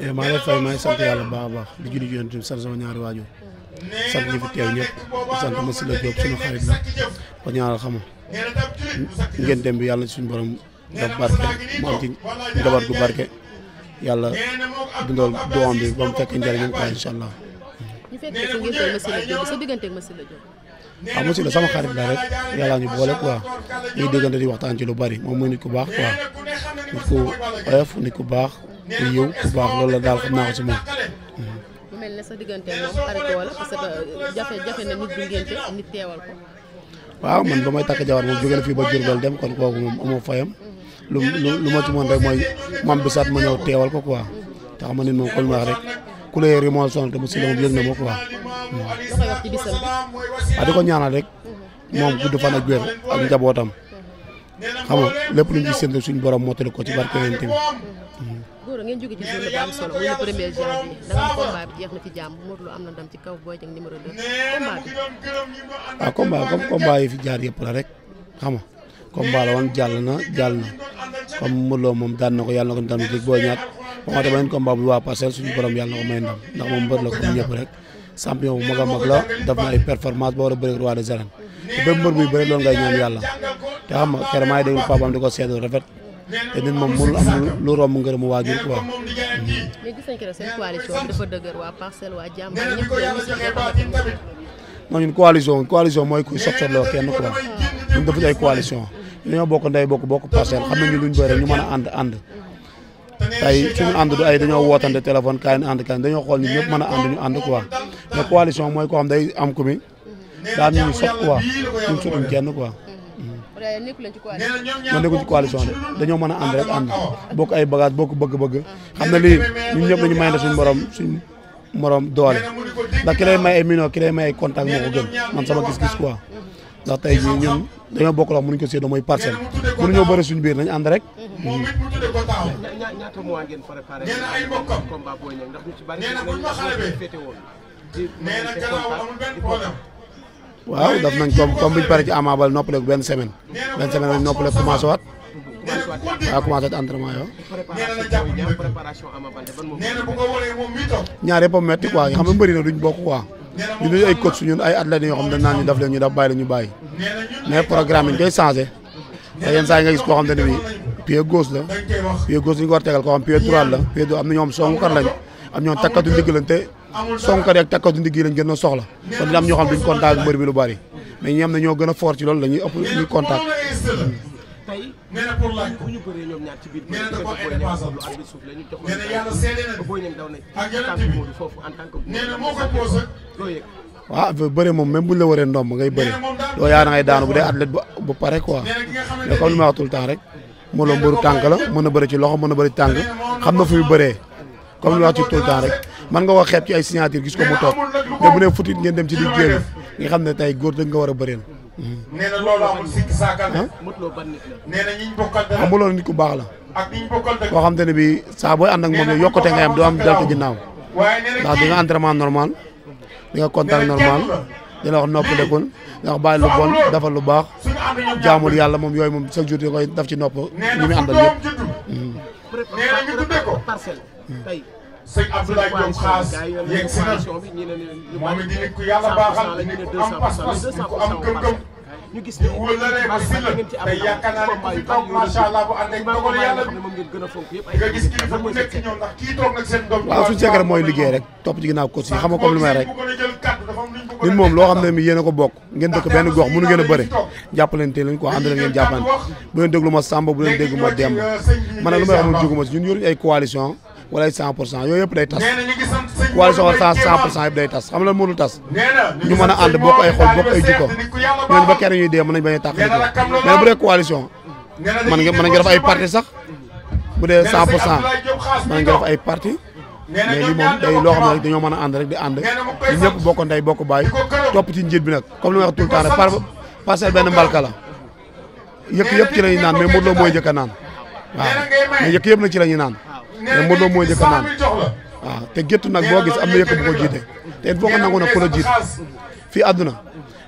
Eh, maa ngi lay fay maa ngi a baax di julli Yonent bi sant sama ñaari waajur sant ñi fi teew ñëpp sant ma si la Diop xarit la bi yàlla suñu borom daf barke gu barke yàlla dundal doom bi ba mu fekk njëriñam quoi sa ngénte Massila Diop sa diggante ah, rek yàlla ñu boole quoi ñuy diggante di waxtaan ci lu bari moom mooy nit ku baax quoi nit ku oyof baax. te yow bu baax loolu la daal xam naa ko moom. bu mel ne sa diggante moom xarit euh, ko. waaw man ba may takk jabar moom jóge fii ba Diourbel dem kon kooku moom amoo fayam lu ma ci mën rek mooy mam bi saat ma ñëw teewal ko quoi te xam nga nit moom comme wax rek ku la ah, ko ñaanal rek fan ak wér ak njabootam. xam nga lépp lu ñu gis seen suñu borom mottali ko ci barke yonent bi. góor ci kaw Boy Niang ah, yi fi jaar yëpp la rek woon jàll na jàll na comme na ko yàlla na ko ndam ci Boy Niang waxaat beneen combat bu waa parcelle suñu borom yàlla na ko may ndam ndax moom mbër la ñëpp rek champion bu mag a mag la def na performance ba war a bëri roi des arènes te bépp mbër buy ñaan yàlla te xam nga keroog maa ngi déglu papaam di ko seetlu rafet te nit moom mënul am lu romb ngërëmu waajur quoi. mais gis nañ que seen mooy kuy soxla kenn quoi ñun dafa ay coalition ñoo bokk ndey bokk bokk parcelle xam nañu luñ bëri ñu mën a and ànd. tey suñu ànd du ay dañoo wootante téléphone kaay ñu ànd dañoo xool ñun ñëpp mën a ànd ñu ànd quoi mais coalition mooy koo xam day am ku mi daan ñu sopp quoi ñun sotuñ kenn quoi. man nekkul ci coalition de dañoo mën a ànd rek ànd bokk ay bagage bokk bëgg-bëgg xam na lii ñun ñëpp dañu mayante suñ morom suñu moroom doole ndax ki lay may ay millions ki lay may ay contact moo ko gën man sama gis-gis quoi ndax tey jii ñun dañoo bokk loo mënuñ ko séddoo mooy parcelle mënuñoo bëri suñu biir nañ ànd rek ñaata mois ngeen préparé combat ñëw ndax ñu ci bari dañu féete waaw daf nañ comme comme bi ñu paree ci Ama Baldé noppaleeku benn semaine benn semaine lañ noppaleeku commencé waat. waaw commencé waat entraînement ñaar yëpp a metti quoi xam nga mbëri na ñu bokk quoi. ñu duñ ay coach ñun ay athlètes yoo xam ne naan ñu daf leen ñu daf bàyyi la ñu bàyyi. mais programme yi ñu koy changé. te yenn saa yi gis koo xam ne bii pied la pied gauche la ñu ko war tegal koo xam droit la pied droit am na ñoom songukat lañ am ñoom takkatu diggalante sonko rek takkatu ndigg yi lañ gën a soxla kon dina am ñoo xam duñ contact bi lu bari mais ñi ñoo gën a fort ci loolu la ñuy ëpp ñuy contact tey bu ñu bëree bëri dafa booy ñam ñu ah, moom même buñ la waree ndomb ngay bëri doo yaa na daanu bu dee athlète bu pare quoi mais comme li ma wax tout le temps rek Modou Lo tànk la mën na bëri ci loxo mën na bëri tànk xam na fu mu bëree comme li ma wax ci tout temps rek man nga ko xeeb ci ay signature gis ko mu toog mais bu ne futit ngeen dem ci di génn nga xam ne tey góor dëgg nga war a bëreel. nee na loolu amul sikki nit ku baax la. ak koo xam te ne bii saa booy moom ne yokkute nga yam doo am dal ginnaaw ndax di nga entraînement normal kontaan nga contact normal di la wax noppalekul di wax bàyyi lu bon defal lu baax jaamul yàlla moom yooyu moom sa jour di daf ci nopp ñi muy àndal yëpp. sëñ Abdoulaye Diop xaas yegg si la te yaakaar naa gis kilifa bu nekk ñëw ndax kii toog nag seen doom. waaw suñu secret mooy liggéey rek topp ci ginnaaw coach yi xam nga comme li rek nit moom loo xam ne mi yéen a ko bokk ngeen dëkk benn gox mënu ngeen a bëre jàppalante lañ ko ànd leen ngeen jàppante bu leen déglu ma Samba bu leen déglu ma Demba euh, man nag lu may wax moom jóguma ay coalition wala ay 100 pour cent yooyu yëpp day tas coalition wala 100 pour cent yëpp day tas xam la mënul tas ñu mën a ànd bokk ay xol bokk ay jikko ñooñu ba kenn ñuy dee mën nañ bañ a tàq mais bu dee coalition man nga mën nga def ay parti sax bu dee 100 pour cent mën nga def ay parti mais li moom day loo xam ne dañoo mën a ànd rek di ànd ñu ñëpp bokk ndey bokk baay topp ci njiit bi nag comme li ma wax tout le temps benn mbalka la yëkk yëpp ci la ñuy naan mais Modou Lo mooy jëkk a naan waaw mais yëkk yëpp na ci la ñuy naan mais Modou Lo moo njëkk a waaw ah, te géttu nag boo gis am na yëkk bu ko jiite te it boo ko nangoon nag ku la jiite fii àdduna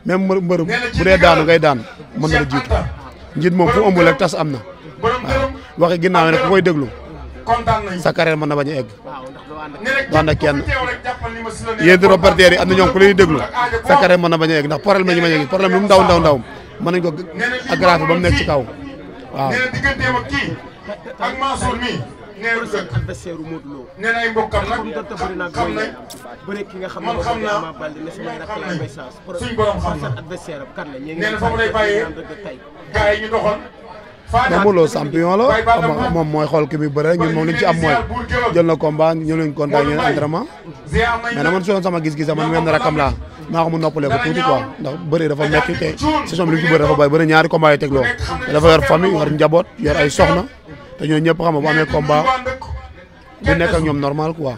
même mbër bu dee daanu ngay daan mën na la jiitu njiit moom fu ëmbul rek tas am na waaw ah, waxi ginnaaw nag ku koy déglu sa carrière mën na bañ a egg doon na kenn yéen di am na ñoom ku lay déglu sa carrière mën na bañ a ndax problème yi ma yegg problème ndaw ndaw ndaw mën nañ ko aggraver ba mu nekk ci kaw waaw. neeru dëkk adversaire u Lo ki nga xam ne xam naa na adversaire am kan la nee na moom mooy xool ki muy bëre moom li ñu am mooy jël na combat ñu leen contact ñu entraînement mais na man soon sama gis-gis man wenn rakam laa maa ko mu noppalee ko tuuti quoi ndax bëri dafa metti te saison bi li ñu ci bëri dafa bëri bëri ñaari combat yi tegloo te dafa yor famille yor njaboot yor ay soxna te ñooñu ñëpp xam nga bu amee nekk ñoom normal quoi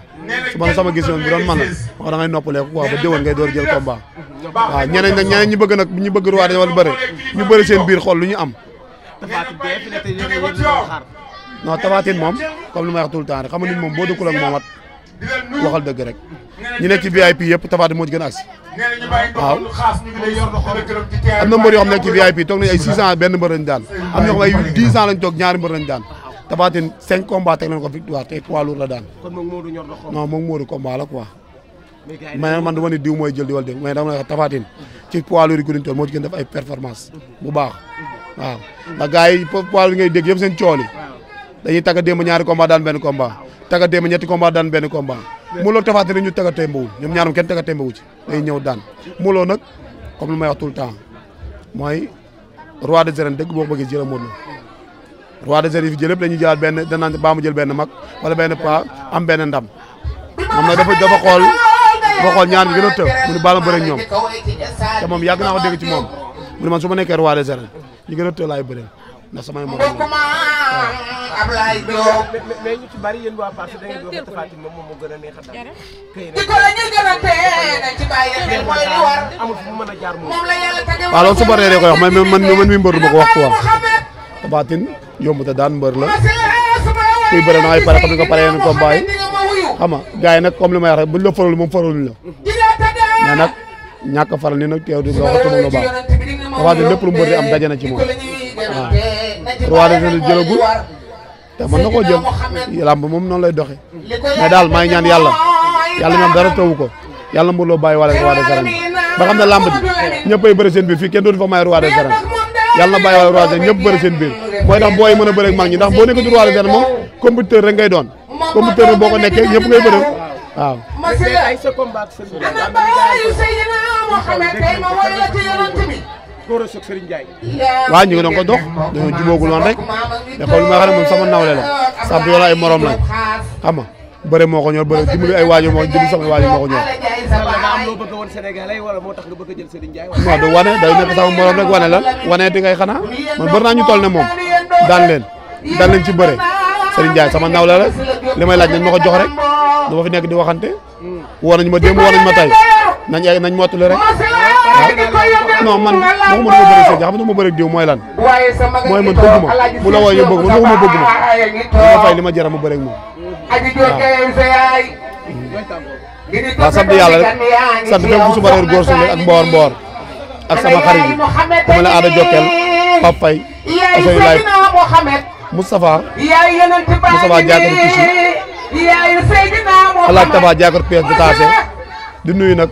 su ma sama gis yoon bi doon ma a wax da ngay noppaleeku ba déwén ngay door jël combat waaw ñeneen nag ñeneen ñi bëgg nag ñu bëgg ruwaate wala bëre ñu bëri seen biir xool lu ñu am. non tafaatin moom comme li ma wax tout le temps rek xam nga nit moom boo dëkkul ak moom at waxal dëgg rek ñu nekk ci VIP yëpp tafaatin moo ci gën a am na mbër yoo xam ne ci VIP toog nañ ay 6 ans benn mbër lañ daan am ñoo ay 10 ans lañ toog ñaari mbër lañ daan Tapha Tine cinq combats teg nañ ko victoire te poids lourd la daan. kon moom Modou ñor na xaw non moom Modou combat la quoi. mais man dama ne diw mooy jël di wal de mais dama ne Tapha Tine ci poids lourd yi ko doon moo ci gën def ay performance bu baax waaw ndax gars yi poids lourd ngay dégg yëpp seen cool yi dañuy tagga démb ñaari combat daan benn combat tagga démb ñetti combat daan benn combat muloo Tapha Tine ñu tagga témbawul ñoom ñaarum kenn tagga témbawu ci dañuy ñëw daan muloo nag comme lu may wax tout le temps mooy roi des arènes dëgg boo ko bëggee jëla Modou Lo roi de arènes yi fi la ñu dañuy jëlaat benn danaan baa mu jël benn mag wala benn pa am benn ndam moom nag dafa dafa xool dafa xool ñaar ñi gën a tëb mu ne ñoom te moom yàgg naa ko dégg ci moom man su ma nekkee roi des arènes ñu gën a tëb samay morom a neex a dal di a tee nañ ci yomb te daan mbër la kuy bëri na ay pare xam ne ko pare yenn combat yi xam nga gars yi nag comme li may wax rek la farul moom farul la mais nag ñàkk faral ni nag teew di nga wax lu baax dafa di lépp lu mbër di am daje na ci moom waaw roi des jëlagul te mën moom noonu lay doxe mais daal maa ngi ñaan yàlla yàlla mi ko yàlla mbooloo bàyyi wala roi des arènes ba xam ne làmb ji ñëppay bëri seen biir fii kenn dootu fa may roi des arènes yàlla na bàyyi wala roi des ñëpp bëri seen biir booy tax booy mën a bëre ak mag ñi ndax boo nekkoon ci roi des arènes moom compétiteur rek ngay doon compétiteur bi boo ko nekkee ñëpp ngay bëre waaw. ay sa combat Gora Sock Serigne Ndiaye. waaw ñu ngi doon ko dox dañoo jubóogul woon rek mais xool ma xam ne moom sama nawle la sàmp yoon ay morom la xam nga bëre moo ko ñor bëre dimbali ay waajur moo dimbali sama waajur moo ko ñor. non du wane day nekk sama morom rek wane la wane di xanaa man bari naa ñu toll ne moom. daan leen daan leen ci bëre Serigne Ndiaye sama naw la li may laaj nañ ma ko jox rek du ma fi nekk di waxante woo nañ ma dem woo ma tey nañ ay nañ mottali rek waaw ah, man waxuma dama bëri sëñ xam nga ma bëri diw mooy lan mooy man bëgg bu la wooyee bëgg ma waxuma bëgg ma dama fay li ma jara ma bëri ak moom waaw waaw sant yàlla rek sant fépp bu suba reer góor su ak mboor sama xarit yi ku mel Aada Jokkel Pape yaay Seydina Mohamed Moustapha yaay yeneen ci di nuyu nag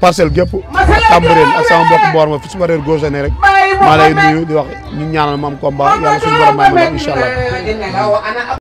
parcelle gépp Cambérène ak sama mbokk mboor ma fi suma réer gauche rek maa lay nuyu di wax ñu ñaanal ma am suñu borom may ma jàpp allah